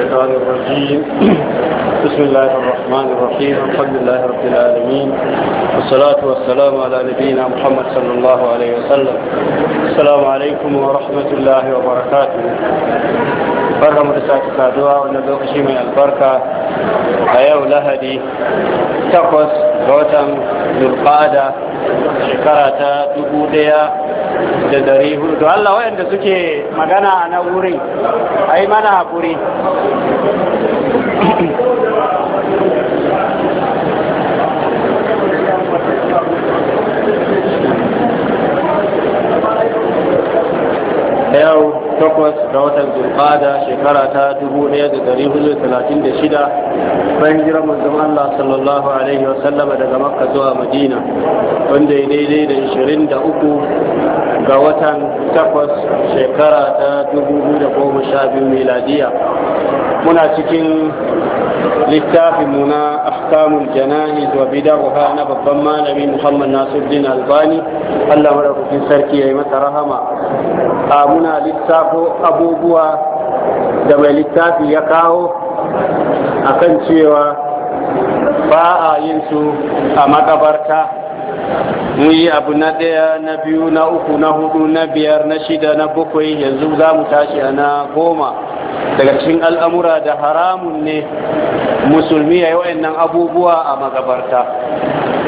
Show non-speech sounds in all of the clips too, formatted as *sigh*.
الشيطان الرجيم *clears throat* بسم الله الرحمن الرحيم الحمد لله رب العالمين والصلاة والسلام على نبينا محمد صلى الله عليه وسلم السلام عليكم ورحمة الله وبركاته barka رسالة الدعاء sake saduwa wannan lokaci mai albarka a yau lahadi takwas ga da dari hudu to Allah wayanda suke magana a nan wurin ai mana hakuri yau takwas ga watan zulqada shekara ta dubu ɗaya da dari hudu talatin da shida bayan jira manzon Allah sallallahu alaihi wa sallama daga makka zuwa madina wanda ya daidai da ishirin da uku ga watan takwas shekara ta dubu biyu da goma sha biyu miladiya muna cikin littafin mu na ahkamul janahiz wa bid'aha na babban malami Muhammad Nasiruddin Albani Allah madaukakin sarki yi masa rahama a muna littafo abubuwa da mai littafi ya kawo akan cewa ba a yin su a makabarta mu yi abu na ɗaya na biyu na uku na hudu na biyar na shida na bakwai yanzu za mu tashi a na goma daga cikin al'amura da haramun ne musulmi ya yi wa'annan abubuwa a magabarta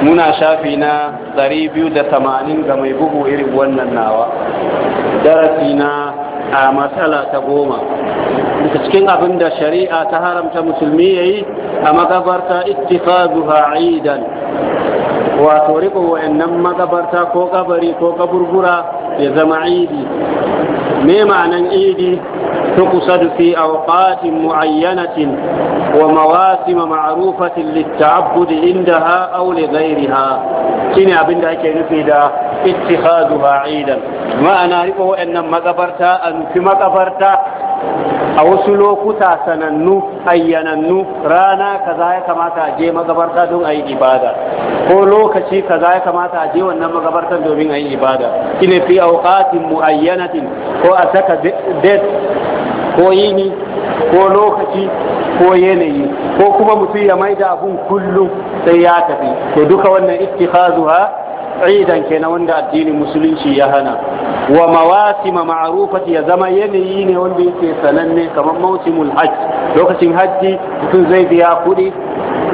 muna shafi na 280 ga mai bugu irin wannan nawa darasi na a matsala ta goma bisa cikin abin da shari'a ta haramta musulmi ya yi a magabarta ittifa aidan wato riko waɗannan magabarta ko kabari ko kaburbura ya zama idi me ma'anan idi ta kusa da fi a wakatin mu'ayyanatin wa mawasima ma'arufatin littabud inda ha aule riha ha shi ne abinda ake nufi da ittihadu ba'idan ma'ana riko wa'annan magabarta a nufi magabarta a wasu lokuta sanannu ayyanannu rana kaza ya kamata a je magabarta don a yi ibada ko lokaci kaza ya kamata a je wannan magabartan domin a yi ibada ina fi auqatin muayyanatin ko a saka date ko yini ko lokaci ko yanayi ko kuma mutum ya maida abun kullum sai ya tafi to duka wannan ittikhazuha idan kenan wanda addinin musulunci ya hana wa mawasima ma'arufati ya zama yanayi ne wanda yake sananne kamar mausimul hajj lokacin hajji mutum zai biya kuɗi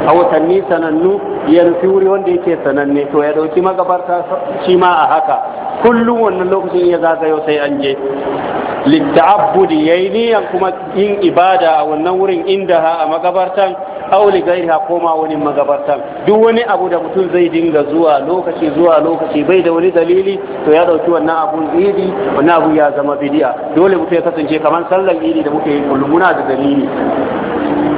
a watanni sanannu ya nufi wuri wanda yake sananne to ya ɗauki magabarta shi ma a haka kullum wannan lokacin ya zagayo sai an je litta'abbudi yayi niyan kuma yin ibada a wannan wurin inda ha a magabartan auli gairiha koma wani magabartan duk wani abu da mutum zai dinga zuwa lokaci zuwa lokaci bai da wani dalili to ya dauki wannan abun idi wannan abu ya zama bidiya dole mutum ya kasance kamar sallan idi da muke yi kullum muna da dalili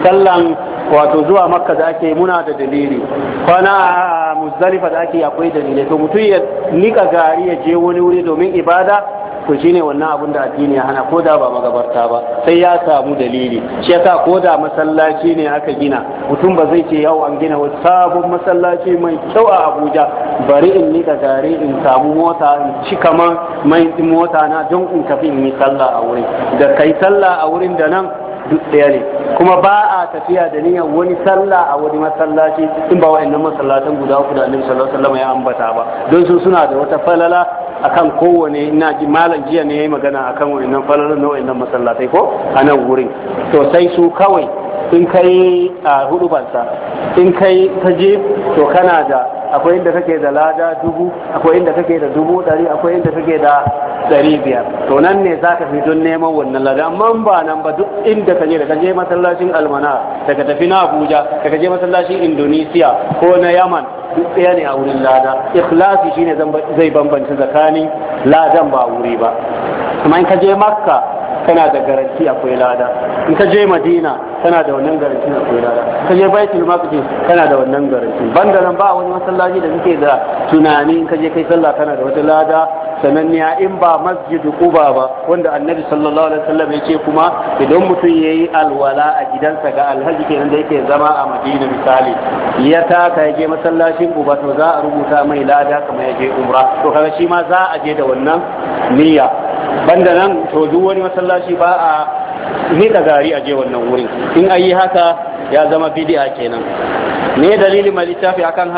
sallan wato zuwa makka da ake muna da dalili kwana a muzdalifa da ake akwai dalili to mutum ya nika gari ya je wani wuri domin ibada to shine wannan abin da addini ya hana ko da ba magabarta ba sai ya samu dalili shi yasa ko da masallaci ne aka gina mutum ba zai ce yau an gina wani sabon masallaci mai kyau a Abuja bari in nika gari in samu mota in ci kaman mai mota na don in tafi in yi sallah a wurin da kai sallah a wurin da nan duk ɗaya ne kuma ba a tafiya da niyyar wani sallah a wani masallaci in ba wa'annan masallatan guda uku da annabi sallallahu alaihi wasallam ya ambata ba don su suna da wata falala akan kowane ina ji malam jiya ne yayi magana akan wayannan falalar na wayannan masallatai ko a nan wurin to sai su kawai in kai a hudu bansa in kai ta je to kana da akwai inda kake da lada dubu akwai inda kake da dubu dari akwai inda kake da 500 biyar to nan ne za ka don neman wannan lada amma ba nan ba duk inda ka je da kaje je masallacin almana daga tafi na abuja da je masallacin indonesia ko na yaman duk ɗaya ne a wurin lada ikhlasi shine zai bambanci tsakanin ladan ba wuri ba kuma in ka je makka kana da garanti akwai lada in ka je madina kana da wannan garanti akwai lada in ka je baitul maqdis kana da wannan garanti banda nan ba wani masallaci da suke da tunani in ka je kai sallah kana da wata lada sananniya in ba masjid quba ba wanda annabi sallallahu alaihi wasallam yake kuma idan mutum yayi alwala a gidansa ga alhaji kenan da yake zama a madina misali ya taka yaje masallacin quba to za a rubuta mai lada kamar yaje umra to kaga shi ma za a je da wannan niyya banda nan to duk wani masallaci ba a nika gari a je wannan wurin in ayi haka ya zama bid'a kenan ne dalilin mai littafi akan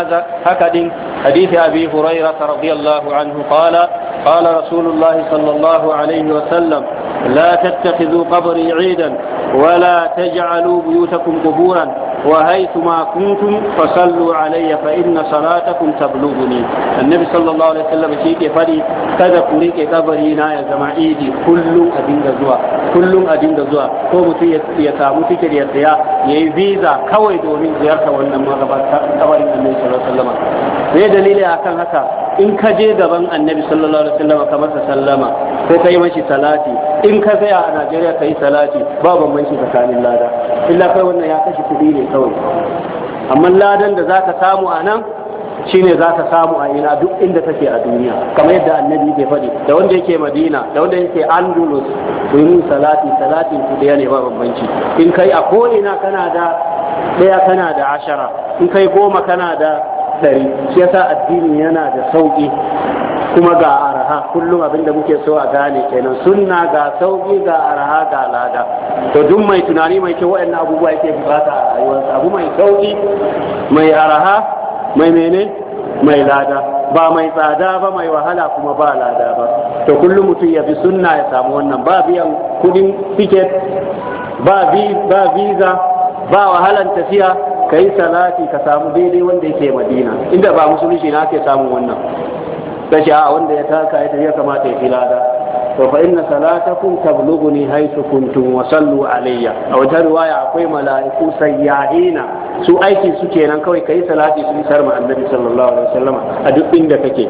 haka din hadisi abi hurairah radiyallahu anhu qala قال رسول الله صلى الله عليه وسلم لا تتخذوا قبري عيدا ولا تجعلوا بيوتكم قبورا وهيثما كنتم فصلوا علي فإن صلاتكم تبلغني النبي صلى الله عليه وسلم شيك فري kada ku rike na ya zama idi kullum a dinga zuwa kullum a dinga zuwa ko mutum ya samu fikir ya tsaya yayi yi kawai domin ziyarta wannan magabar dalili akan haka in ka je gaban annabi sallallahu alaihi wasallam ka masa sallama ko kai mashi salati in ka tsaya a Najeriya ka salati ba bambanci tsakanin lada illa kai wannan ya kashe kuɗi ne kawai amma ladan da zaka samu a nan shine zaka samu a ina duk inda take a duniya kamar yadda annabi yake faɗi da wanda yake madina da wanda yake andalus domin salati salatin ku ne ba bambanci in kai a ko ina kana da ɗaya kana da ashara in kai goma kana da hadari shi yasa addini yana da sauki kuma ga araha kullum abin da muke so a gane kenan sunna ga sauki ga araha ga lada to duk mai tunani mai kyau waɗannan abubuwa yake bukata a rayuwarsa abu mai sauƙi mai araha mai mene mai lada ba mai tsada ba mai wahala kuma ba lada ba to kullum mutum ya bi sunna ya samu wannan ba biyan kudin tiket ba visa ba wahalan tafiya ka salati ka samu daidai wanda yake madina inda ba musulunci na ke samun wannan kashi a wanda ya taka ya tafiya kamata ya fi lada to fa inna salatakum tablughuni haythu kuntum wa sallu alayya a wata riwaya akwai mala'iku sayyahina su aiki su kenan kawai kai salati su isar ma annabi sallallahu alaihi wasallam a duk inda kake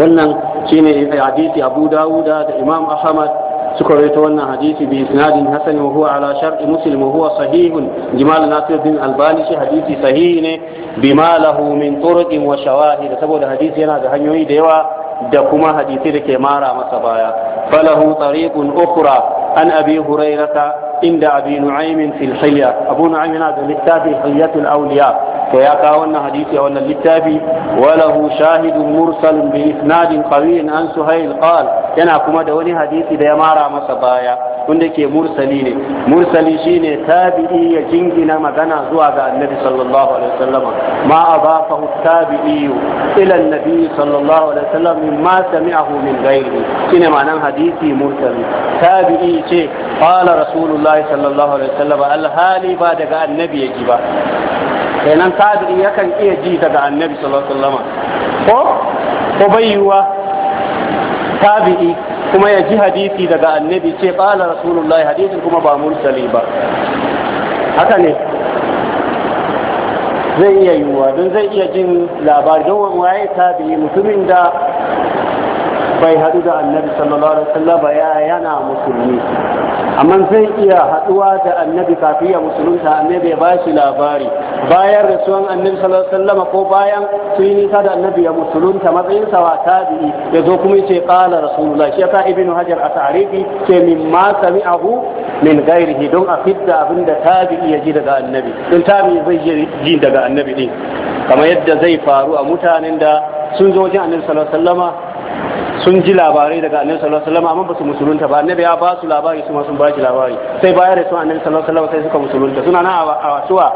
wannan shine hadisi Abu Dawuda da Imam Ahmad suka rawaito wannan hadisi bi isnadin hasan wa huwa ala shar'i muslim wa huwa sahihun jimal nasiruddin albani shi hadisi sahihi ne bima lahu min turuqin wa shawahid saboda hadisi yana da hanyoyi da yawa da kuma hadisi da ke mara masa baya falahu tariqun ukhra an abi hurairata inda abi nu'aym fil hilya abu nu'aym na da littafi hilyatul awliya to ya kawo wannan hadisi a wannan littafi walahu shahidun mursal bi isnadin qawiyin an suhayl qal yana kuma da wani hadisi da ya mara masa baya wanda ke mursali ne mursali shine tabi'i ya jingina magana zuwa ga annabi sallallahu alaihi wasallam ma abafahu tabi'i ila annabi sallallahu alaihi wasallam mimma sami'ahu min ghairi shine ma'anan hadisi mursali tabi'i ce qala rasulullahi sallallahu alaihi wasallam al hali ba daga annabi yake ba kenan tabi'i yakan iya ji daga annabi sallallahu alaihi wasallam ko ko bai tabi'i kuma ya ji hadisi daga annabi ce ƙala rasulullahi hadisin kuma ba mursali ba haka ne zai iya yiwuwa don zai iya jin labari don waye tabi mutumin da bai haɗu da annabi sallallahu alaihi wasallam ya yana musulmi amma zai iya haɗuwa da annabi kafin ya musulunta annabi ya shi labari bayan rasuwan annabi sallallahu alaihi wasallam ko bayan sun yi nisa da annabi ya musulunta matsayin sa wa tabi'i ya zo kuma yace qala rasulullahi shi yasa ibnu hajar a tarihi ce ma sami'ahu min ghairihi don a fidda abin da tabi'i ya ji daga annabi don tabi'i zai ji daga annabi din kamar yadda zai faru a mutanen da sun zo wajen annabi sallallahu alaihi wasallama sun ji labarai daga annabi sallallahu alaihi wasallam amma ba su musulunta ba annabi ya ba su labari su ma sun ba shi labari sai bayar da su annabi sallallahu alaihi wasallam sai suka musulunta suna nan a wasuwa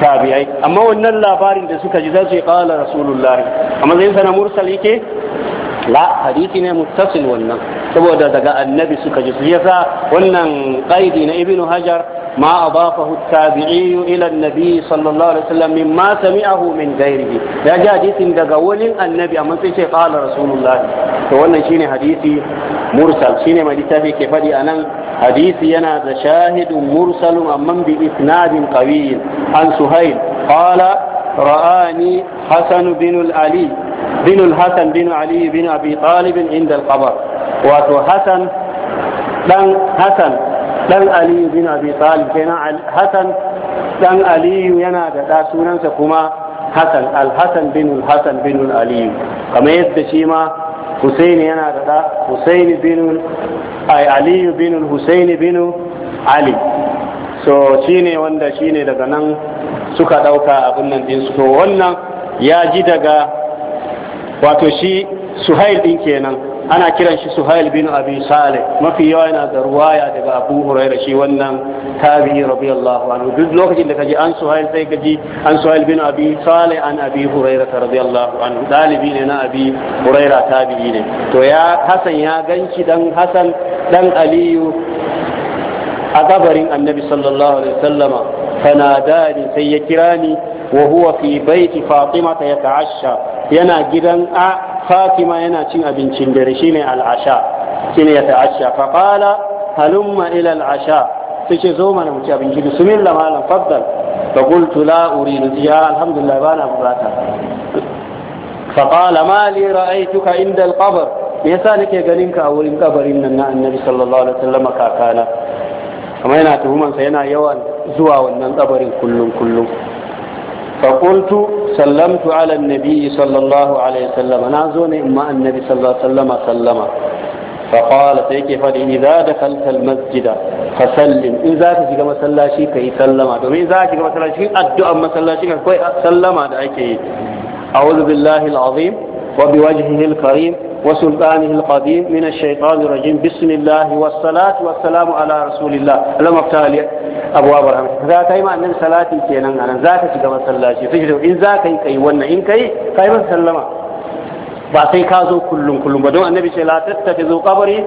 tabi'ai amma wannan labarin da suka ji za su yi qala rasulullahi amma zai sana mursal yake la hadisi ne muttasil wannan saboda daga annabi suka ji su yasa wannan qaidi na ibnu hajar ما أضافه التابعي إلى النبي صلى الله عليه وسلم مما سمعه من غيره يا جاديث دقول النبي أما تشي قال رسول الله فوانا شيني حديثي مرسل شيني مديتا في كفدي أنا حديثي أنا شاهد مرسل أمم بإسناد قوي عن سهيل قال رآني حسن بن العلي بن الحسن بن علي بن أبي طالب عند القبر وأتو حسن بن حسن dan aliyu bin abi talib kenan hasan dan aliyu yana da da sunansa kuma hasan al-hasan bin al-hasan bin aliyu kamar yadda shi ma husaini yana da da husaini bin ay aliyu bin husaini bin ali so shine wanda shine daga nan suka dauka abin nan din su to wannan ya ji daga wato shi suhail din kenan ana kiran shi suhail bin abi salih mafi yawa yana da ruwaya daga abu huraira shi wannan tabi'i radiyallahu anhu duk lokacin da kaji an suhail sai kaji an suhail bin abi salih an abi huraira radiyallahu anhu dalibi ne na abi huraira tabi'i ne to ya hasan ya ganci dan hasan dan aliyu a gabarin annabi sallallahu alaihi wasallama fanadani sai ya kirani wa huwa fi baiti fatima yata'ashsha yana gidan a fatima yana cin abincin dare shine al'asha shine ya ta'asha fa qala halumma ila al'asha sai zo mana mu ci abinci bismillah malam faddal fa qultu la uridu ya alhamdulillah bana bukata fa qala ma li ra'aytuka inda al-qabr me yasa nake ganin ka a wurin kabarin nan na annabi sallallahu alaihi wasallam kakana kama yana tuhumansa yana yawan zuwa wannan kabarin kullum kullum فقلت سلمت على النبي صلى الله عليه وسلم أنا زوني إما النبي صلى الله عليه وسلم سلم فقال سيكي إذا دخلت المسجد فسلم إذا تشيك شيء كي سلم دومي إذا تشيك مسلاشي أدعى شيء كي سلم أعوذ بالله العظيم وبوجهه الكريم وسلطانه القديم من الشيطان الرجيم بسم الله والصلاة والسلام على رسول الله لما افتح abwabar hamsa za ka yi ma salati kenan anan za ka shiga masallaci sai in za ka yi kai wannan in kai kai masa sallama ba sai ka zo kullum kullum ba don annabi ce la tattafi zo kabari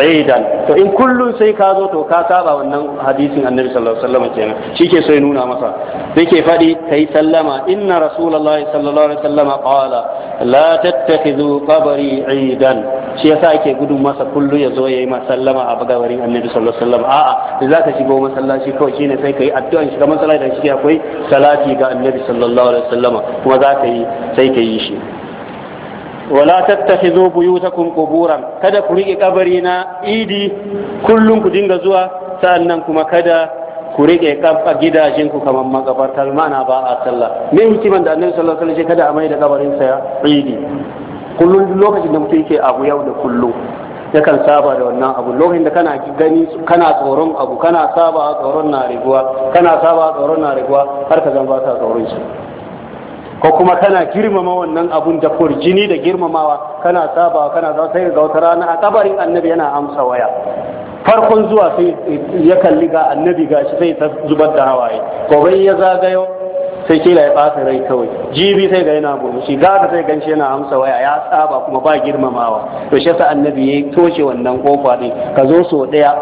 aidan to in kullum sai ka zo to ka saba wannan hadisin annabi sallallahu alaihi wasallam kenan shike sai nuna masa yake fadi kai sallama inna rasulullahi sallallahu alaihi wasallam qala la tattakhidhu qabri aidan shi yasa yake gudun masa kullu ya zo yayi masa sallama a bagawarin annabi sallallahu alaihi wasallam a'a da zaka shigo masallaci kawai shine sai kai addu'a shiga masallaci da shi akwai salati ga annabi sallallahu alaihi wasallam kuma zaka yi sai ka yi shi wala tattakhizu buyutakum quburan kada ku rike kabari na idi kullum ku dinga zuwa sannan kuma kada ku rike kafa gidajen ku kamar makabartar mana ba a sallah me hikiman da annabi sallallahu alaihi wasallam kada amai da kabarin sa idi kullum lokacin da mutum yake abu yau da kullum yakan saba da wannan abu lokacin da kana gani kana tsoron abu kana saba tsoron na riguwa kana saba tsoron na riguwa har ka zan ba ta tsoron shi ko kuma kana girmama wannan abun da kurjini da girmamawa kana sabawa kana za sai ga wata rana a kabarin annabi yana amsa waya farkon zuwa sai ya kalli ga annabi gashi sai ta zubar da hawaye gobe ya zagayo sai kila ya fasa rai kawai jibi sai ga yana burmushi ka sai ganshi yana amsa waya ya saba kuma ba girmamawa to shi yasa annabi ya toshe wannan kofa din ka zo so daya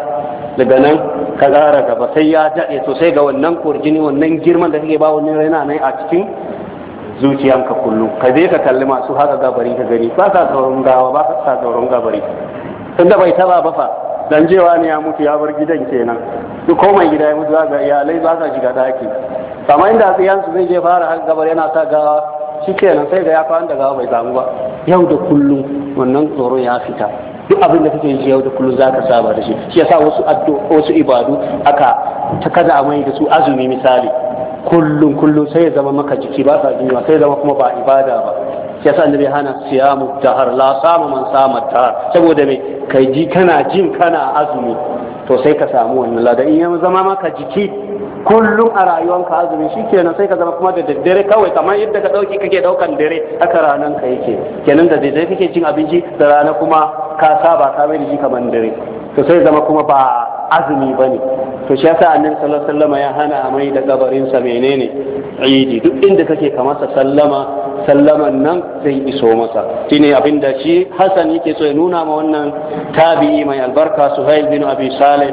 daga nan ka gara gaba sai ya daɗe to ga wannan kurjini wannan girman da kake ba wannan raina nan a cikin zuciyanka kullum ka je ka kalli masu haka gabari ka gani ba sa tsoron gawa ba sa tsoron gabari tun bai taba ba fa dan jewa ne ya mutu ya bar gidan kenan duk ko mai gida ya mutu ga iyalai ba sa shiga daki amma inda tsiyan su zai je fara haka gabar yana sa gawa shi kenan sai ga ya fara da gawa bai samu ba yau da kullum wannan tsoron ya fita duk abin da kake yi yau da kullum za saba da shi shi yasa wasu wasu ibadu aka ta kada a mai da su azumi misali kullum kullum sai ya zama maka jiki ba sa jinyuwa sai ya zama kuma ba ibada ba shi sa annabi hana siyamu dahar la samu man sama dahar saboda me kai ji kana jin kana azumi to sai ka samu wannan ladan in ya zama maka jiki kullum a rayuwanka azumi shikenan sai ka zama kuma da daddare kawai kamar yadda ka dauki kake daukan dare haka ranan ka yake kenan da daddare kake cin abinci da rana kuma ka saba ka mai da ji kamar dare to sai zama kuma ba azumi bane to shi yasa annabi sallallahu alaihi wasallam ya hana amai mai da kabarin sa menene idi duk inda kake ka masa sallama sallaman nan zai iso masa shine abinda shi Hassan yake so ya nuna ma wannan tabi'i mai albarka Suhail bin Abi Salih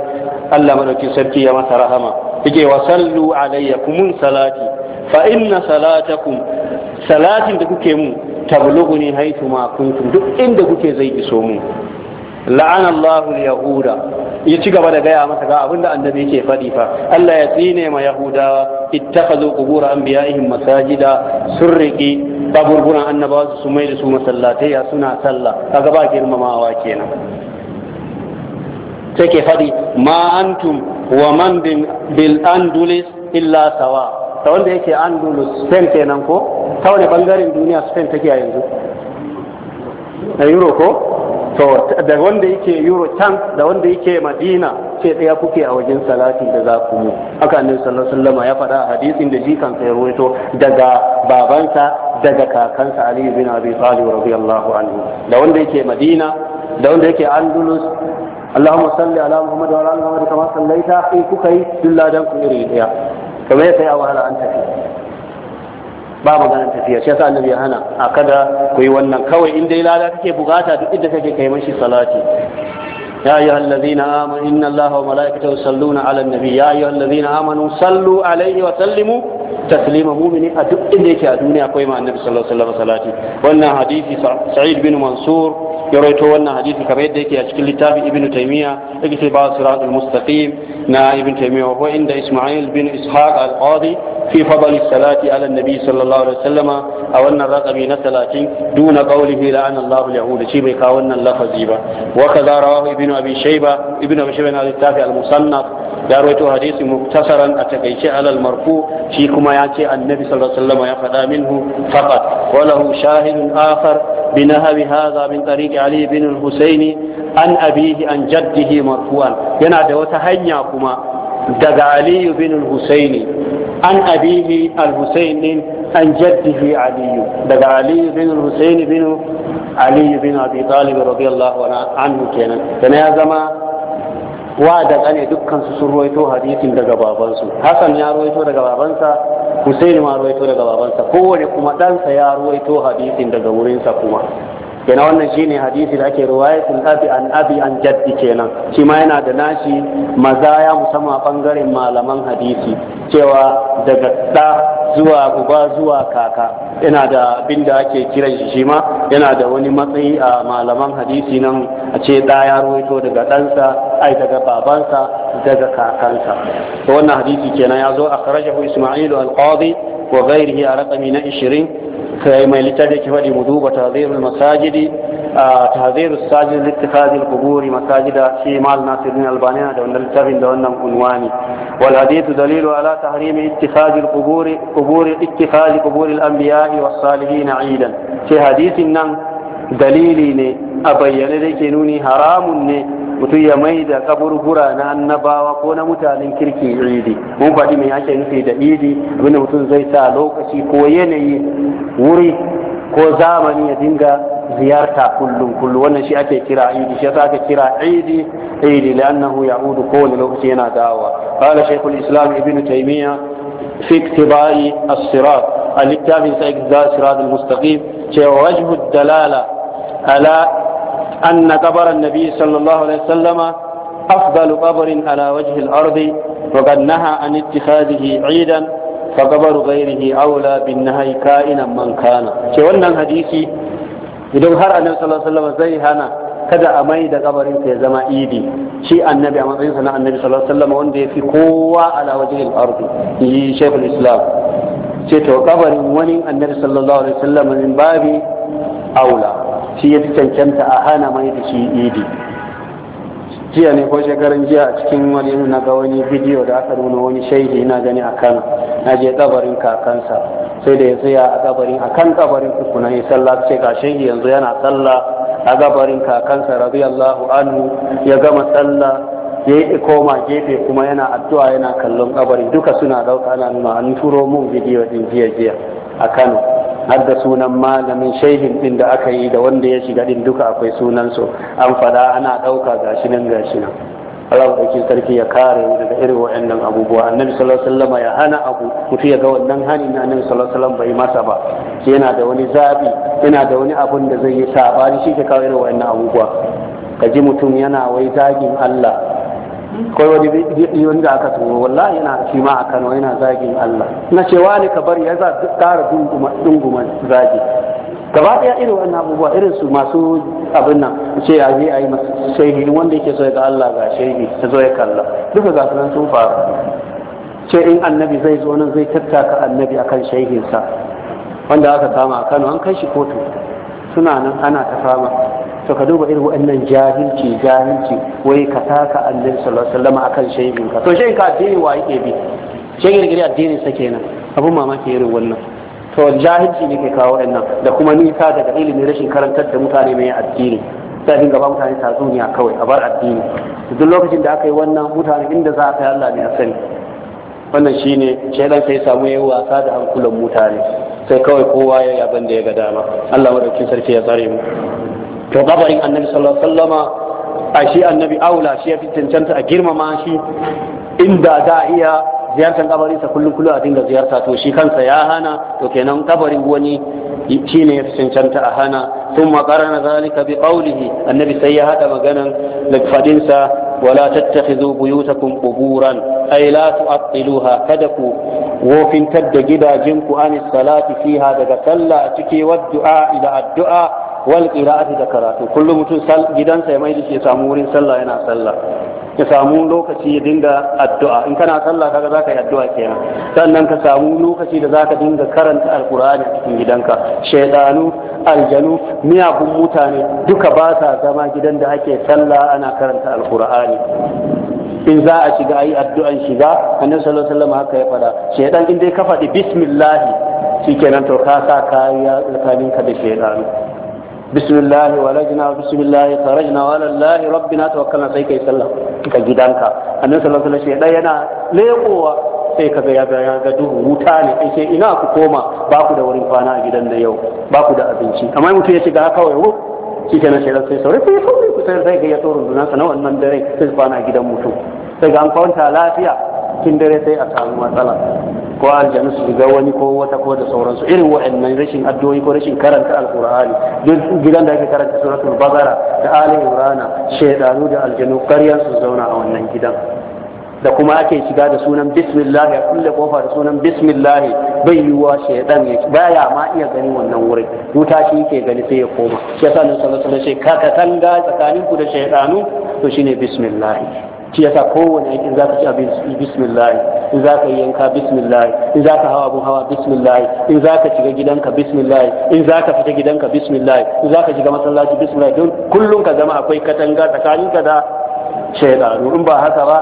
Allah madaukin sarki ya masa rahama yake wa sallu alayya kumun salati fa inna salatakum salatin da kuke mu tablughuni haythu ma kuntum duk inda kuke zai iso mu la'ana Allahu yahuda ya ci gaba da gaya masa ga abinda annabi yake faɗi fa Allah ya tsine ma yahudawa ittakhadhu qubur anbiya'ihim masajida surriki kaburburan annabawa su mai da su masallatai ya suna sallah kaga ba girmamawa kenan take faɗi ma antum wa man bil andulus illa sawa ta wanda yake andulus spain kenan ko ta wani bangaren duniya spain take a yanzu a euro ko to da wanda yake euro can da wanda yake madina ce ɗaya kuke a wajen salatin da za ku mu haka ne sallallahu alaihi wasallam ya fada a hadisin da ji sa ya ruwaito daga babansa daga kakansa ali bin abi talib radiyallahu anhu da wanda yake madina da wanda yake andalus اللهم صل على محمد وعلى ال محمد كما صليت in kuka yi duk ladan ku iri daya kamar ya sai a wahala ba maganar tafiya shi yasa annabi ya hana a kada ku yi wannan kawai in dai lada kake bukata duk inda kake kai mashi salati يا أيها الذين آمنوا إن الله وملائكته يصلون على النبي يا أيها الذين آمنوا صلوا عليه وسلموا تسليما مؤمن أدب إليك أدوني أقوي مع النبي صلى الله عليه وسلم صلاته وأن حديث سعيد بن منصور يرويته وأن حديث كبير ديك يشكل لتابع ابن تيمية اكتباع الصراط المستقيم نا ابن تيمية وهو عند إسماعيل بن إسحاق القاضي في فضل الصلاة على النبي صلى الله عليه وسلم أو أن الرقم نسلاتي دون قوله لعن الله اليهود شيء بيكاون اللفظ وكذا رواه ابن بن أبي شيبة ابن أبي شيبة نادي التابع المصنف دارويته حديث مقتصرا أتكيش على المرفوع فيكما يأتي النبي صلى الله عليه وسلم يفعل منه فقط وله شاهد آخر بنهب هذا من طريق علي بن الحسين عن أبيه عن جده مرفوعا ينا دوتا هنياكما دقى علي بن الحسين عن أبيه الحسين عن جده علي دقى علي بن الحسين بن ali bin abi talib radiyallahu anhu kenan kana ya zama wa da kane dukkan su sun ruwaito hadisin daga babansu hasan ya ruwaito daga babansa husaini ma ruwaito daga babansa kowane kuma ɗansa ya ruwaito hadisin daga wurin sa kuma kenan wannan shi ne hadisi da ake riwayatul abi an abi an jaddi kenan shi ma yana da nashi mazaya musamman bangaren malaman hadisi cewa daga da zuwa uba zuwa kaka yana da abin da ake kiran shi shi ma yana da wani matsayi a malaman hadisi nan a ce da ya ruwaito daga ɗansa ai daga babansa daga kakansa wannan hadisi kenan ya zo a akhrajahu isma'ilu al-qadi wa ghairihi a rakami na 20 kai mai littafi ke faɗi mu duba tazirul masajidi a tazirul sajid littifazil kuburi masajida shi mal nasirin albaniya da wannan littafin da wannan unwani wal hadithu dalilu ala tahrimi ittikhazil kuburi kuburi ittikhazi kuburi al-anbiya'i was salihin hadisin nan dalili ne a bayyane da ke nuni haramun ne mutum ya mai da kaburbura na annabawa ko na mutanen kirki idi mun faɗi mai ake nufi da idi abinda mutum zai sa lokaci ko yanayi wuri ko zamani ya dinga ziyarta kullum kullum wannan shi ake kira idi shi yasa aka kira idi idi lannahu ya'udu kowane lokaci yana dawowa qala shaykhul islam ibnu taymiya في اقتضاء الصراط الكتاب سيجزاء صراط المستقيم ووجه dalala ala. أن قبر النبي صلى الله عليه وسلم أفضل قبر على وجه الأرض وقد نهى عن اتخاذه عيدا فقبر غيره أولى بالنهي كائنا من كان شوانا حديثي idan har annabi sallallahu alaihi wasallam zai hana kada a mai da kabarin ya zama idi shi annabi a matsayin sa na annabi sallallahu alaihi wasallam wanda ya fi kowa ala wajhil ardi yi shaykhul islam ce to kabarin wani annabi sallallahu alaihi wasallam min babi aula shi ya fi cancanta a hana mai da shi idi jiya ne ko shekaran jiya a cikin wani na ga wani bidiyo da aka nuna wani shaidi na gani a kano na je tsabarin kakansa sai da ya tsaya a tsabarin a kan uku tukuna ya sallah ce ga shaidi yanzu yana sallah a gabarin kakansa radiyallahu anhu ya gama sallah ya yi koma gefe kuma yana addu'a yana kallon kabarin duka suna dauka ana nuna an turo mun bidiyo din jiya jiya a kano har da sunan malamin shehin din da aka yi da wanda ya shiga din duka akwai sunan su. an fada ana ɗauka gashi nan gashi nan Allah ɗauki sarki ya kare mu daga irin waɗannan abubuwa annabi sallallahu alaihi wasallam ya hana abu Mutum ya ga wannan hani na annabi sallallahu alaihi wasallam bai masa ba yana da wani zabi yana da wani abun da zai yi sabani shi ke kawo irin waɗannan abubuwa kaji mutum yana wai zagin Allah kai wani wani da aka tuno walla yana shi ma a Kano yana zagin Allah na cewa ne ka bari ya za ƙara dunguma dunguma zagi gaba ɗaya irin wannan abubuwa irin su masu abin nan ce a je a yi masu shaidi wanda yake so ya ga Allah ga shaidi ta zo ya kalla duka ga sunan sun faru ce in annabi zai zo nan zai tattaka annabi akan shaidinsa wanda aka kama a Kano an kai shi kotu suna nan ana ta fama to ka duba irin wannan jahilci jahilci wai ka taka annabi sallallahu alaihi wasallam akan shehin ka to shehin ka addini wa yake bi shehin gari addini sa kenan abun mamaki irin wannan to jahilci ne ke kawo wannan da kuma nisa daga ilimin rashin karantar da mutane mai addini sai dinga ba mutane tatsuniya kawai a bar addini duk lokacin da aka yi wannan mutane inda za a kai Allah ne a sani wannan shine shaidan sai samu yayi wasa da hankulan mutane sai kawai kowa ya yaban da ya ga dama Allah madaukin sarki ya tsare mu to kabarin annabi sallallahu alaihi wasallama a shi annabi aula shi ya fi cancanta a girmama shi inda za a iya ziyartar kabarinsa kullum kullum a dinga ziyarta to shi kansa ya hana to kenan kabarin wani shi ne ya fi cancanta a hana sun makarana zalika bi qawlihi annabi sai ya hada maganan da fadinsa wala tattakhizu buyutakum quburan ay la tu'tiluha kada ku wofintar da gidajen ku an salati fiha daga sallah a cike wa du'a ila addu'a wal qira'ati da karatu kullum mutum gidansa ya mai dace ya samu wurin sallah yana sallah ka samu lokaci ya dinga addu'a in kana sallah kaga zaka yi addu'a kenan sannan ka samu lokaci da zaka dinga karanta alqur'ani cikin gidanka shaydanu aljanu miyagun mutane duka ba sa zama gidan da ake sallah ana karanta alqur'ani in za a shiga ayi addu'an shiga annabi sallallahu alaihi wasallam haka ya fada shaydan in dai ka faɗi bismillah shikenan to ka sa kariya tsakaninka da shaydanu بسم الله ولجنا بسم الله خرجنا وعلى الله ربنا توكلنا sai kai sallah ka gidanka annabi sallallahu alaihi wasallam shi yana lekowa sai ka ga ya ga duhu wuta ne kai sai ina ku koma ba ku da wurin kwana a gidan da yau ba ku da abinci amma mutum ya shiga kawai wuf shi kenan sai sai saurayi sai saurayi ku sai sai ga ya tsoron dunansa na wannan dare sai kwana a gidan mutum sai ga an kwanta lafiya tun dare sai a samu matsala ko aljanu su shiga wani ko wata ko da sauransu irin wa'annan rashin addu'o'i ko rashin karanta alkur'ani duk gidan da ake karanta suratul bazara da ali imrana shaydanu da aljanu karyan su zauna a wannan gidan da kuma ake shiga da sunan bismillah ya kulle kofa da sunan bismillah bai yiwuwa shaidan ya baya ma iya gani wannan wurin wuta shi yake gani sai ya koma shi yasa nan sallallahu alaihi wasallam ka tanga tsakaninku da shaidanu to shine bismillah shi yasa kowane aikin za ka ci abin bismillah in za ka yi yanka bismillah in za ka hawa abin hawa bismillah in za ka shiga gidanka bismillah in za ka fita gidanka bismillah in za ka shiga masallaci bismillah don kullum ka zama akwai katanga tsakaninka da shaidanu in ba haka ba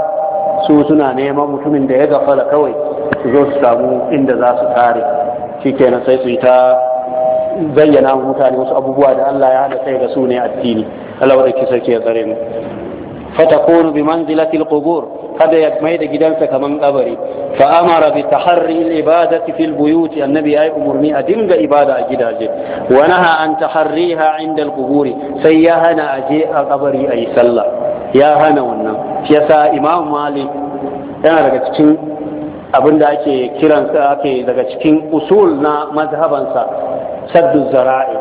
su suna neman mutumin da ya gafala kawai su zo su samu inda za su tsare kenan sai su yi ta zayyana mutane wasu abubuwa da Allah ya hada sai ga su ne addini Allah wadda kisa ke tsare mu fatakunu bi manzilati alqubur kada ya mai da gidansa kamar ƙabari. fa amara bi taharri alibadati fil buyut annabi ay umurni a dinga ibada a gidaje wa naha an taharriha inda alqubur sai ya hana aje a kabari ayi sallah ya hana wannan shi yasa imam malik yana daga cikin abin da ake kiransa ake daga cikin usul na mazhabansa saddu zara'i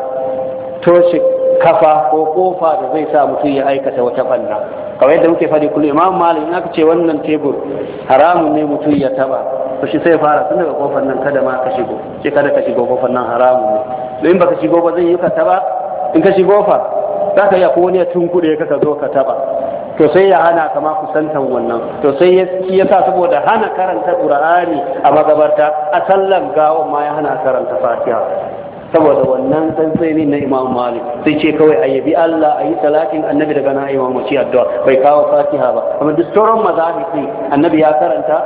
toshe kafa ko kofa da zai sa mutum ya aikata wata banna kawai yadda muke faɗi kullum imam malik in aka ce wannan tebur haramun ne mutum ya taba to shi sai fara tun daga kofar nan kada ma ka shigo kada ka shigo kofar nan haramun ne in baka shigo ba zai yi ka taba in ka shigo fa za ka iya ko wani ya tunkuɗe ka zo ka taba to sai ya hana kama kusantan wannan to sai ya sa saboda hana karanta qur'ani a magabarta a sallan gawon ma ya hana karanta fatiha saboda wannan tsantsani na imam malik sai ce kawai a yabi allah a yi talatin annabi daga na imam mace addu'a bai kawo fatiha ba kuma duk sauran mazahib ne annabi ya karanta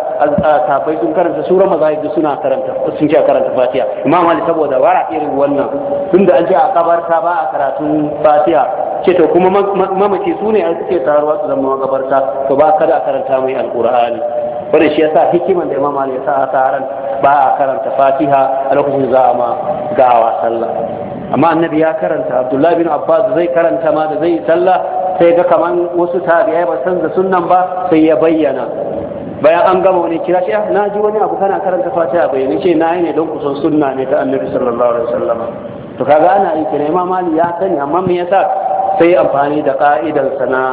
tafai sun karanta sauran mazahib suna karanta sun ce a karanta fatiha imam malik saboda wara irin wannan da an ce a kabarta ba a karatun fatiha ce to kuma mamaci su ne an suke taruwa su zama magabarta to ba kada a karanta mai alkur'ani wannan shi yasa hikiman da imam malik ya sa a ba a karanta fatiha a lokacin za a ma gawa sallah amma annabi ya karanta abdullahi bin abbas zai karanta ma da zai sallah sai ga kaman wasu tabi'ai ba san da sunnan ba sai ya bayyana bayan an gama wani kira shi ah, na ji wani abu kana karanta fatiha ne ce na yi ne don kusan sunna ne ta annabi sallallahu alaihi wasallam to kaga ana yi kira imam mali ya sani amma me yasa sai amfani da ka'idansa na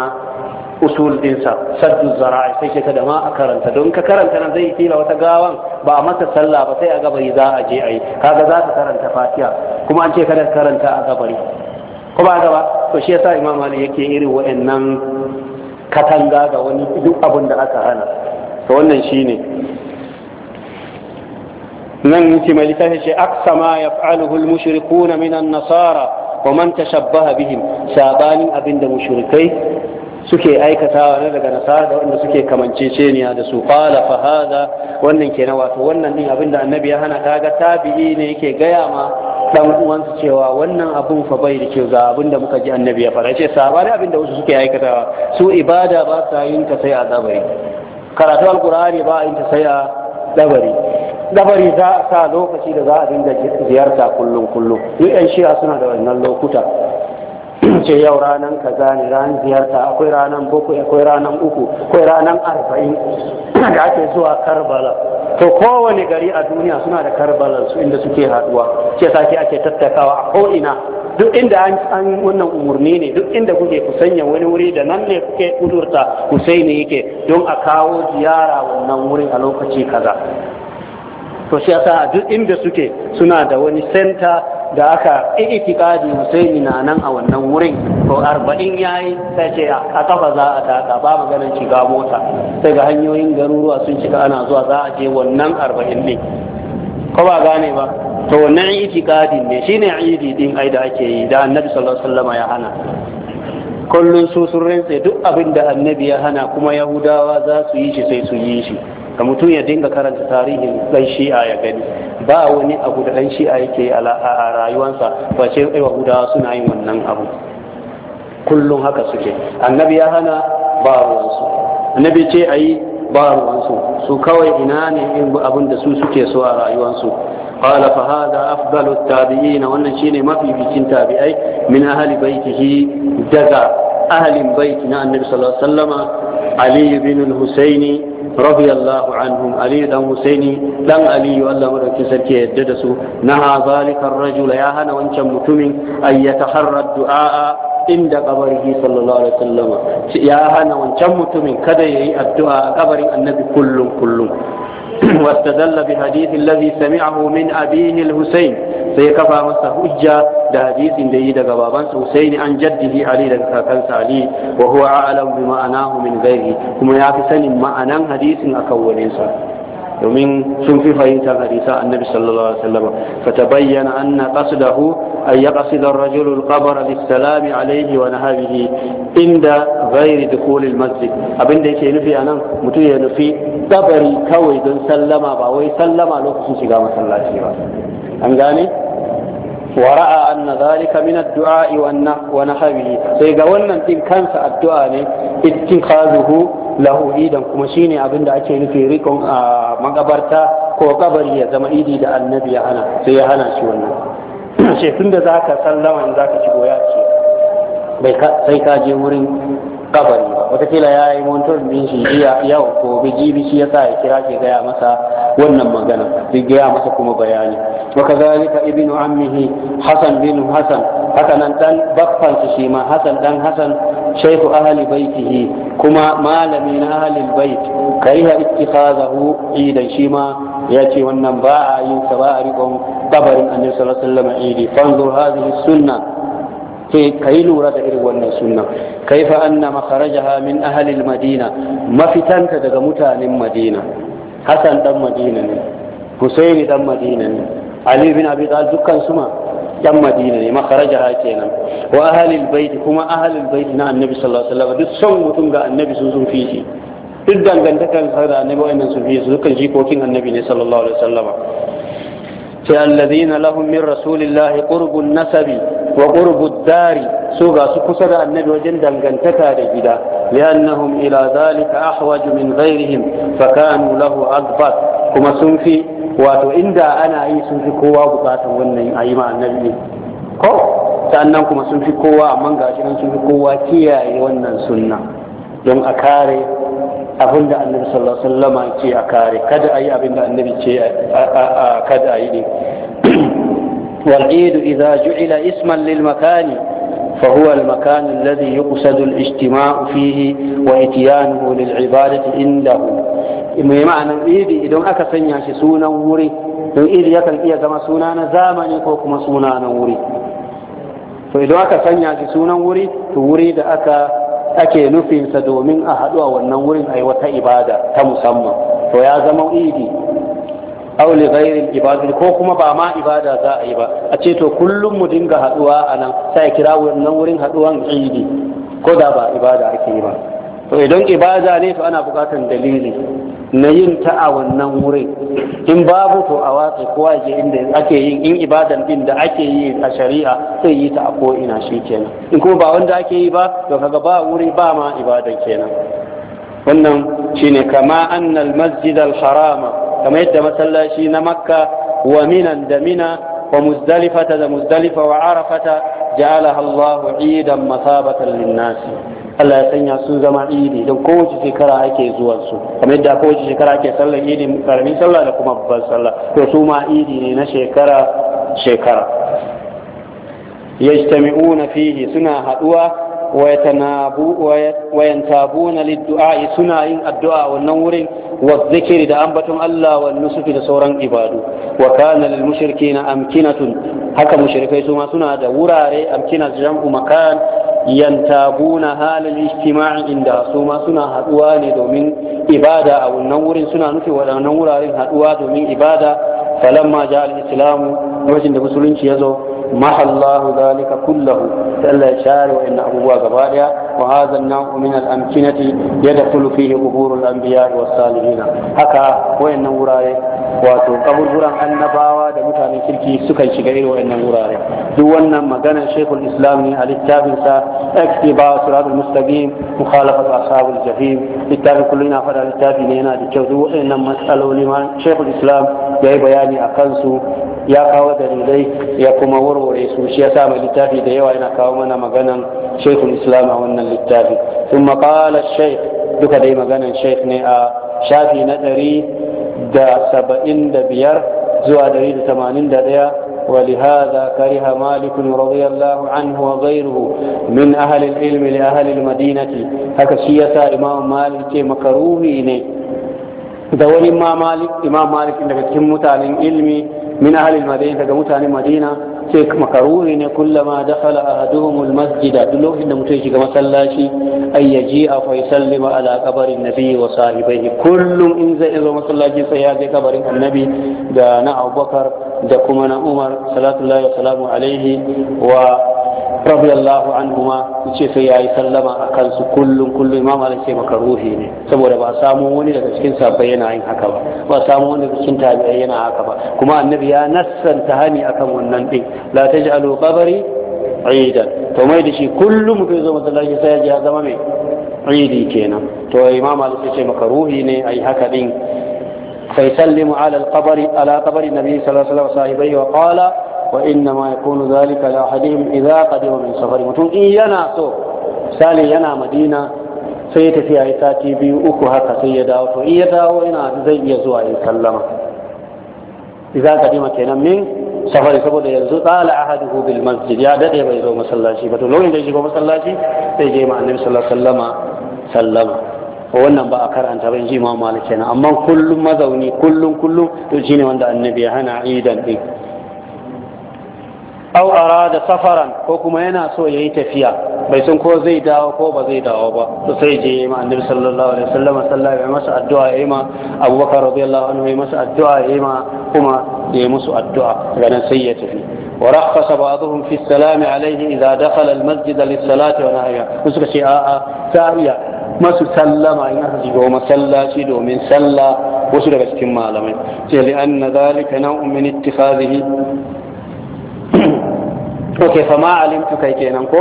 usul dinsa saddu zara'i sai ke da ma a karanta don ka karanta nan zai tila wata gawan ba a masa sallah ba sai a gabari za a je a kaga za ka karanta fatiha kuma an ce kada ka karanta a gabari ko ba gaba to shi yasa imam ali yake irin wa'annan katanga ga wani duk abin da aka hana to wannan shine nan ce mai littafi ce aksama yaf'aluhu al-mushrikuna min an-nasara wa man tashabbaha bihim sabanin abinda mushrikai suke aikatawa na daga nasara da wanda suke kamanceceniya da su qala fa hada wannan kenan wato wannan din abinda annabi ya hana kaga tabi'i ne yake gaya ma dan uwansa cewa wannan abun fa bai da kyau ga abinda muka ji annabi ya fara ce sabani abinda wasu suke aikatawa su ibada ba sa yin ta sai a zabari karatu alqur'ani ba yin ta sai a dabari dabari za a sa lokaci da za a dinga ziyarta kullum kullum duk yan shi'a suna da wannan lokuta ce yau ranar kaza ne ranar ziyarta akwai ranar boko akwai ranar uku akwai ranar arba'in da ake zuwa karbala to kowane gari a duniya suna da karbalar su inda suke haduwa ce sake ake tattakawa a ko'ina duk inda an wannan umarni ne duk inda kuke ku sanya wani wuri da nan ne kuke kudurta ne yake don a kawo ziyara wannan wurin a lokaci kaza to shi yasa duk inda suke suna da wani senta. da aka itikadi Husaini na nan a wannan wurin to arba'in ya sai ce a kafa za a taka ba maganin shiga mota sai ga hanyoyin garuruwa sun cika ana zuwa za a je wannan arba'in ne ko ba gane ba to wannan itikadin ne shine idi din ai da ake yi da annabi sallallahu alaihi ya hana kullun su sun rantse duk abin da annabi ya hana kuma yahudawa za su yi shi sai su yi shi ka mutum ya dinga karanta tarihin ɗan shi'a ya gani ba wani abu da shi a yake a rayuwansa ba ce yahudawa suna yin wannan abu kullum haka suke annabi ya hana ba ruwansu annabi ce a yi ba ruwansu su kawai ina ne abin da su suke so a rayuwansu قال فهذا أفضل التابعين wannan shine mafi bikin بيتين تابعي hali أهل بيته daga. ahalin baiti na annabi sallallahu alaihi wasallama ali ibn al-husaini radiyallahu anhum ali dan husaini dan ali Allah madaukin sarki ya yadda da su naha zalika ar-rajula ya hana wancan mutumin ay yataharra du'a inda kabarihi sallallahu alaihi wasallama ya hana wancan mutumin kada yayi addu'a a kabarin annabi kullum kullum واستدل بحديث الذي سمعه من أبيه الحسين سيكفى مسا حجة ده حديث دي ده بابان حسين عن جده علي ده كاكنس علي وهو أعلم بمعناه من غيره كما يعرف سن معنى حديث أكولين صار domin sun fi fahimtar hadisan annabi sallallahu alaihi wasallam فتبين أن قصده أن يقصد الرجل القبر بالسلام عليه ونهابه عند غير دخول المسجد abin da yake nufi anan mutum ya nufi kabari kawai don sallama ba wai sallama lokacin shiga masallaci ba an gane ورأى أن ذلك من الدعاء ونحوه سيقى ونن تنكنس الدعاء اتخاذه له إيدا كما شيني أبن دعكين في ريكم مقبرتا كو قبري يزم إيدي دع النبي أنا سيهانا شونا شيخ تند ذاك سلم أن ذاك شبويات شيخ sai ka je wurin kabari ba watakila ya yi montar din shi yau ko jibi shi ya sa ya kira ke gaya masa wannan magana ya gaya masa kuma bayani wa kazalika ibnu ammihi hasan bin hasan hakanan dan baffan shi ma hasan dan hasan shaykhu ahli baitihi kuma malami na ahli bait kariha ittikhadahu idan shi ma ya ce wannan ba a yin sa ba a riƙon kabarin annabi sallallahu alaihi wasallam idi fanzur hadhihi sunnah to kai lura da irin wannan sunna kaifa anna makharajaha min ahli madina mafitanta daga mutanen madina hasan dan madina ne husaini dan madina ne ali bin abi talib dukkan su ma dan madina ne makharajaha kenan wa ahli albayt kuma ahli albayt na annabi sallallahu alaihi wasallam duk son mutum ga annabi sun sun fishi duk dangantakan sa da annabi wannan sun fishi dukkan jikokin annabi ne sallallahu alaihi wasallam sai allazina lahum min rasulillahi qurbun nasabi wa qurbud dari su ga su kusa da annabi wajen dangantaka da gida li'annahum ila zalika ahwaj min ghairihim fa kanu lahu adbat kuma sun fi wato inda ana yi sun fi kowa bukatan wannan ayi ma annabi ko sannan kuma sun fi kowa amma ga shi sun fi kowa kiyaye wannan sunna don a kare da annabi sallallahu alaihi wasallam ce a kare kada ayi da annabi ce a kada ayi din *clears throat* wal eid idza ju'ila isman lil makani فهو المكان الذي يقصد الاجتماع فيه وإتيانه للعبادة عنده mai ma'anar idi idan aka sanya shi sunan wuri don idi yakan iya zama suna na zamani ko kuma suna na wuri to idan aka sanya shi sunan wuri to wuri da aka ake nufinsa domin a haɗu a wannan wurin a wata ibada ta musamman to ya zama idi aw li ibada ko kuma ba ma ibada za a yi ba a ce to kullum mu dinga haɗuwa a nan sai kira wannan wurin haɗuwan idi ko da ba ibada ake yi ba to idan ibada ne to ana bukatar dalili na yin ta a wannan wurin in babu to a watsa kowa ke inda ake yin in ibadan din da ake yi a shari'a sai yi ta a ko ina shi kenan in ba wanda ake yi ba to kaga ba wuri ba ma ibadan kenan wannan shine kama annal masjid al harama kama yadda masallaci na makka wa minan da mina wa muzdalifata da muzdalifa wa arafata ja'alaha Allahu idan masabatan lin-nasi Allah ya sanya sun zama idi don kowace shekara ake zuwan su kamar yadda kowace shekara ake sallar idi karamin sallah da kuma babban sallah to su ma idi ne na shekara shekara yajtami'una fihi suna haduwa wayantabuna liddu'a suna yin addu'a wannan wurin wa zikiri da ambaton Allah wa nusufi da sauran ibadu wa kana lil mushrikina amkinatun haka mushrikai su ma suna da wurare amkina jam'u makan yantabuna halil ijtima'i inda su ma suna haduwa ne domin ibada a wannan wurin suna nufi waɗannan wuraren haduwa domin ibada falamma ja al-islamu lokacin da musulunci ya zo محى الله ذلك كله تألا شار وإن أبوها قبالها وهذا النوع من الأمكنة يدخل فيه قبور الأنبياء والصالحين هكا وإن وراي wato kaburburan annabawa da mutane kirki sukan shiga irin wa'annan wurare duk wannan maganar shekul islam ne a littafinsa iktiba suratul mustaqim mukhalafatu ashabul jahim littafin kullum yana fada littafi ne yana da kyau duk wa'annan matsaloli ma shekul islam ya yi bayani a kansu ya kawo dalilai ya kuma warware su shi ya sa mai littafi da yawa yana kawo mana maganan shekul islam a wannan littafi sun maƙalar sheikh duka dai maganan sheikh ne a shafi na ɗari da saba'in da biyar zuwa ɗari da tamanin da ɗaya ولهذا كره مالك رضي الله عنه وغيره من أهل العلم لأهل المدينة هكذا إمام مالك مكروهي ne da wani ma malik imam malik daga cikin mutanen ilmi min ahalil madina daga mutanen madina ce makaruri ne kullama dakhala ahaduhum almasjid duk lokacin da mutum ya shiga masallaci ayyaji, a fa yusallima ala qabarin nabi wa sahibihi kullum in zai zo masallaci sai ya je kabarin annabi da na Abubakar da kuma na Umar salamu alaihi wa radiyallahu anhuma yace sai yayi sallama a kansu kullum kullum imam Ali ce maka ruhi ne saboda ba samu wani daga cikin sahabbai yana yin haka ba ba samu wani daga cikin tabi'ai yana haka ba kuma annabi ya nassanta hani akan wannan din la taj'alu qabri aidan to mai da shi kullum kai zo masallaci sai ya zama mai idi kenan to imam Ali ce maka ruhi ne ai haka din فيسلم على القبر على قبر النبي صلى الله عليه وسلم وصاحبيه وقال وإنما يكون ذلك لأحدهم إذا قدم من سفر متون إن ينا سو سالي ينا مدينة sai ya tafi a yi sati biyu uku haka sai ya dawo to in ya dawo yana zai iya zuwa ya sallama idza kadima kenan min safari saboda yanzu tsala ahaduhu bil masjid ya dade bai zo masallaci ba to lokacin da ya shigo masallaci sai je ma wannan ba a karanta ba in ji ma malik amma kullum mazauni kullum kullum to shine wanda annabi ya hana idan din au arada safaran ko kuma yana so ya yi tafiya bai san ko zai dawo ko ba zai dawo ba to sai je ma annabi sallallahu alaihi wasallam sallallahu alaihi masa addu'a yayi ma abubakar radiyallahu anhu yayi masa addu'a yayi ma kuma yayi musu addu'a ganin sai ya tafi wa rakhasa ba'dhum fi salam alaihi idza dakhala al-masjid lis-salati wa nahiya suka ce a'a ta masu sallama in aka shiga masallaci domin sallah wasu daga cikin malamai ce li anna zalika naw'un min ittikhadhihi ok fama alimtu kai kenan ko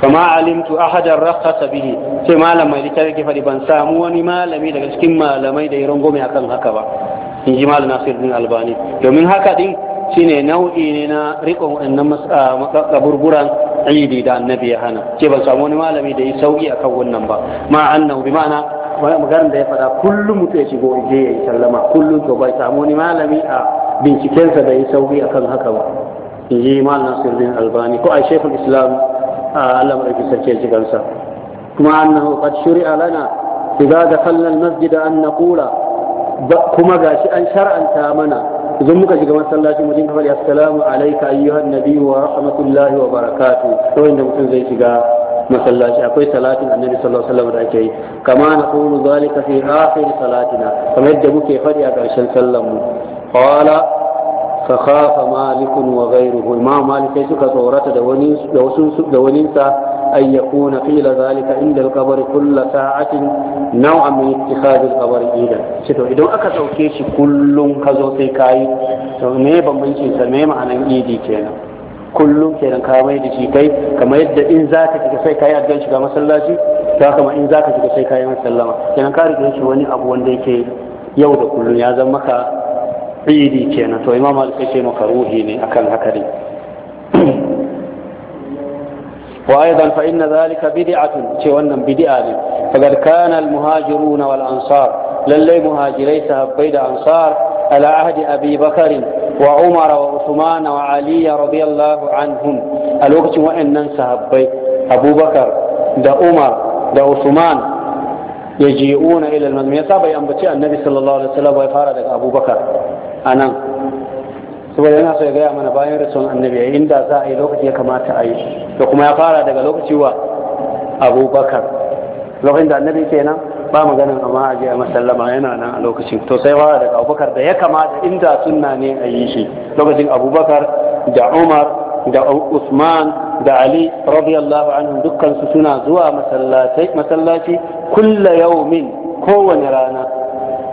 fama alimtu ahadan rakhasa bihi sai malam mai littafi ke faɗi ban samu wani malami daga cikin malamai da ya gome akan haka ba in ji malam nasiruddin albani domin haka din shine nau'i ne na riƙon wannan kaburburan idi da annabi ya hana ce ban samu wani malami da ya a akan wannan ba ma annahu bi ma'ana maganar da ya faɗa kullum mutum ya shigo je ya yi sallama kullum to bai samu wani malami a bincikensa bai yi sauri akan haka ba in ji mal nasiruddin albani ko a shekul islam a allah maɗauki sarki ya jigansa kuma annahu qad shuri'a lana idza dakhalna kallon masjid an naqula kuma gashi an shar'anta mana idan muka shiga masallaci mu dinga faɗi assalamu alayka ayyuhan nabiy wa rahmatullahi wa barakatuh to inda mutum zai shiga masallaci akwai salatin annabi sallallahu alaihi wasallam da ake yi kama na qulu zalika fi akhir salatina kamar yadda muke faɗi a ƙarshen sallar mu qala fa khafa malik wa ghayruhu imam malik suka tsorata da wani da wasu da sa ay yakuna qila zalika inda al-qabr kullu sa'atin naw'an min ittikhad al idan aka sauke shi kullum ka zo sai kai to me bambancin sa me idi kenan kullum kenan ka mai da kai kamar yadda in za shiga sai ka yi addu'a shiga masallaci ta kama in za shiga sai ka yi masallama kenan ka rike shi wani abu wanda yake yau da kullum ya zama maka idi kenan to imam malik ce makaruhi ne akan haka ne وايضا فان ذلك بدعه ce wannan bid'a ne faqad kana al muhajirun wal ansar lalle muhajirai sahabbai da ansar ala ahdi abi bakr wa umar wa uthman wa ali radiyallahu anhum a lokacin wa'annan sahabbai abubakar da umar da uthman yaji'una ila al-madina yasa bai ambaci annabi sallallahu alaihi wasallam bai fara daga abubakar a nan saboda yana so ya gaya mana bayan rasuwan annabi a inda za a yi lokaci ya kamata a yi da kuma ya fara daga lokaci wa abubakar lokacin da annabi ke nan ba maganin amma a je a masallama yana nan a lokacin to sai fara daga abubakar da ya kamata inda sunna ne a yi shi lokacin abubakar da umar da usman da ali radiyallahu anhu dukkan su suna zuwa masallaci kulla yaumin kowane rana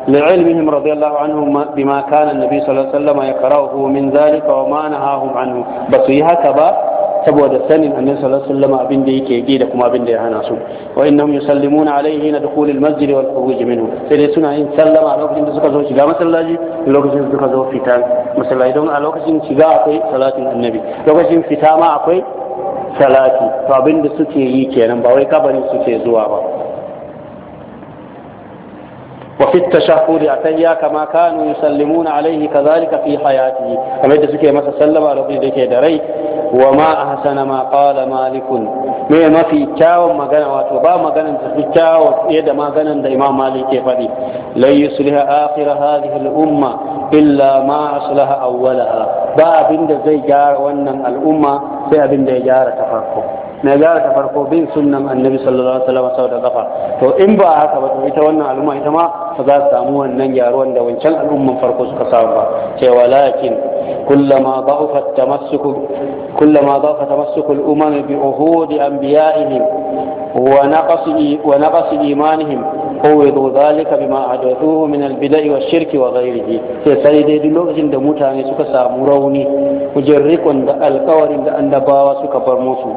لعلمهم رضي الله عنهم بما كان النبي صلى الله عليه وسلم يقرأه من ذلك وما نهاهم عنه بس saboda sanin annabi sallallahu alaihi wasallam abin da yake yi da kuma abin da ya hana su wa innahum yusallimuna alaihi na dukhulil masjid wal khuruj minhu sai dai suna yin sallama a lokacin da suka zo shiga masallaci lokacin da suka zo fita masallaci don a lokacin shiga akwai salatin annabi lokacin fita ma akwai salati to abin da suke yi kenan ba wai kabarin suke zuwa ba وفي التشهد أتيا كما كانوا يسلمون عليه كذلك في حياته كما يتسكي مسا سلم رضي ذيك دري وما أحسن ما قال مالك ما ما في كاو مغانا واتو با مغانا في كاو يد مغانا دا إمام مالك فدي لن يصلح آخر هذه الأمة إلا ما أصلح أولها با بند زي جار ونن الأمة سي بند جار تفرقه magana ta farko bin sunnan annabi sallallahu alaihi wasallam sau da kafa to in ba haka ba to ita wannan al'umma ita ma ba za su samu wannan gyaruwan da wancan al'umman farko suka samu ba cewa lakin kullama da'afa tamassuk kullama da'afa tamassuk al-umam bi uhud anbiya'ihim wa naqas wa naqas imanihim fawwidu dhalika bima ahdathuhu min al-bida'i wash-shirki wa ghayrihi sai sai dai duk lokacin da mutane suka samu rauni wajen rikon da alkawarin da annabawa suka bar musu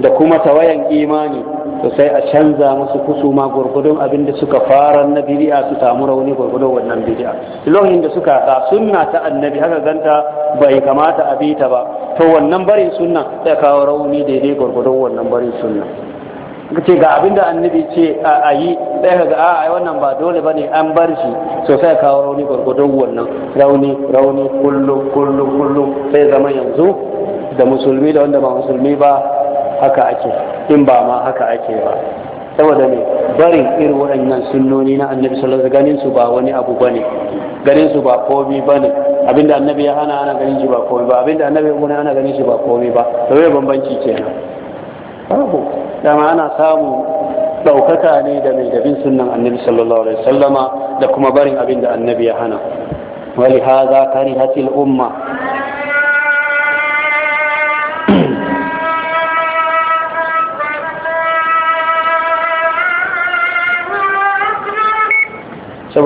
da kuma tawayan imani to sai a canza musu kusuma gurgudun abin da suka fara na bid'a su samu rauni gurgudun wannan bid'a lokacin da suka ka sunna ta annabi haka ganta bai kamata a bita ba to wannan barin sunna sai kawo rauni daidai gurgudun wannan barin sunna ce ga abin da annabi ce a yi ka ga a wannan ba dole ba ne an bar shi sosai kawo rauni gurgudun wannan rauni rauni kullum kullum kullum sai zama yanzu da musulmi da wanda ba musulmi ba haka ake in ba ma haka ake ba saboda ne barin irin waɗannan sunnoni na annabi sallallahu alaihi ganin su ba wani abu bane ganin su ba komai bane abinda annabi ya hana ana ganin shi ba komai ba abinda annabi ya hana ana ganin shi ba komai ba to me bambanci kenan babu dama ana samu ɗaukaka ne da mai dabin sunnan annabi sallallahu alaihi wasallama da kuma barin abinda annabi ya hana ولهذا كرهت umma.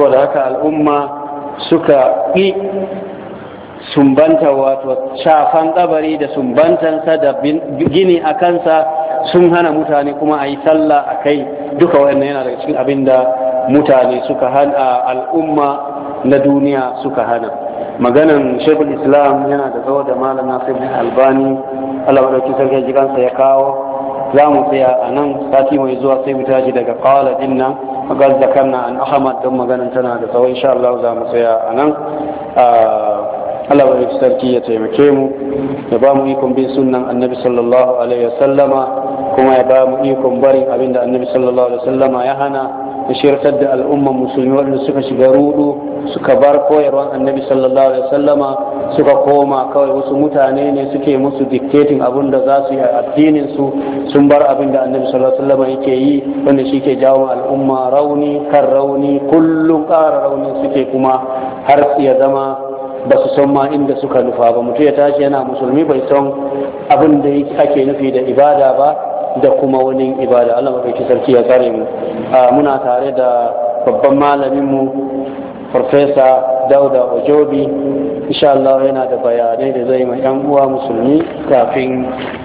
saboda haka al'umma suka ƙi sumbanta wato shafan kabari da sumbantansa da gini a kansa sun hana mutane kuma a yi sallah a kai duka wannan yana daga cikin abin da mutane suka hana al'umma na duniya suka hana maganan shekul islam yana da zawo da malam nasir albani allah madauki sarki jikansa ya kawo za mu tsaya a nan sati mai zuwa sai mu tashi daga kawala dinna zakar na an ahmad don maganin tana da tsawon insha Allah za mu tsaya a nan ah, Allah wa sarki ya taimake mu ya ba mu ikon bin sunnan annabi sallallahu alaihi wasallama kuma ya ba mu ikon barin abinda annabi sallallahu alaihi wasallama ya hana da da al'ummar musulmi waɗanda suka shiga rudu suka bar koyarwan annabi sallallahu alaihi wasallama suka koma kawai wasu mutane ne suke musu dictating abin da za su yi a addinin su sun bar abin da annabi sallallahu alaihi wasallama yake yi wanda shi ke jawo al'umma rauni kan rauni kullum ƙara rauni suke kuma har ya zama ba su san ma inda suka nufa ba mutum ya tashi yana musulmi bai san abin da ake nufi da ibada ba da kuma wani ibada Allah mafi sarki ya kare mu muna tare da babban malamin mu farfesa dauda ojobi insha Allah yana da bayanai da zai ma yan uwa musulmi kafin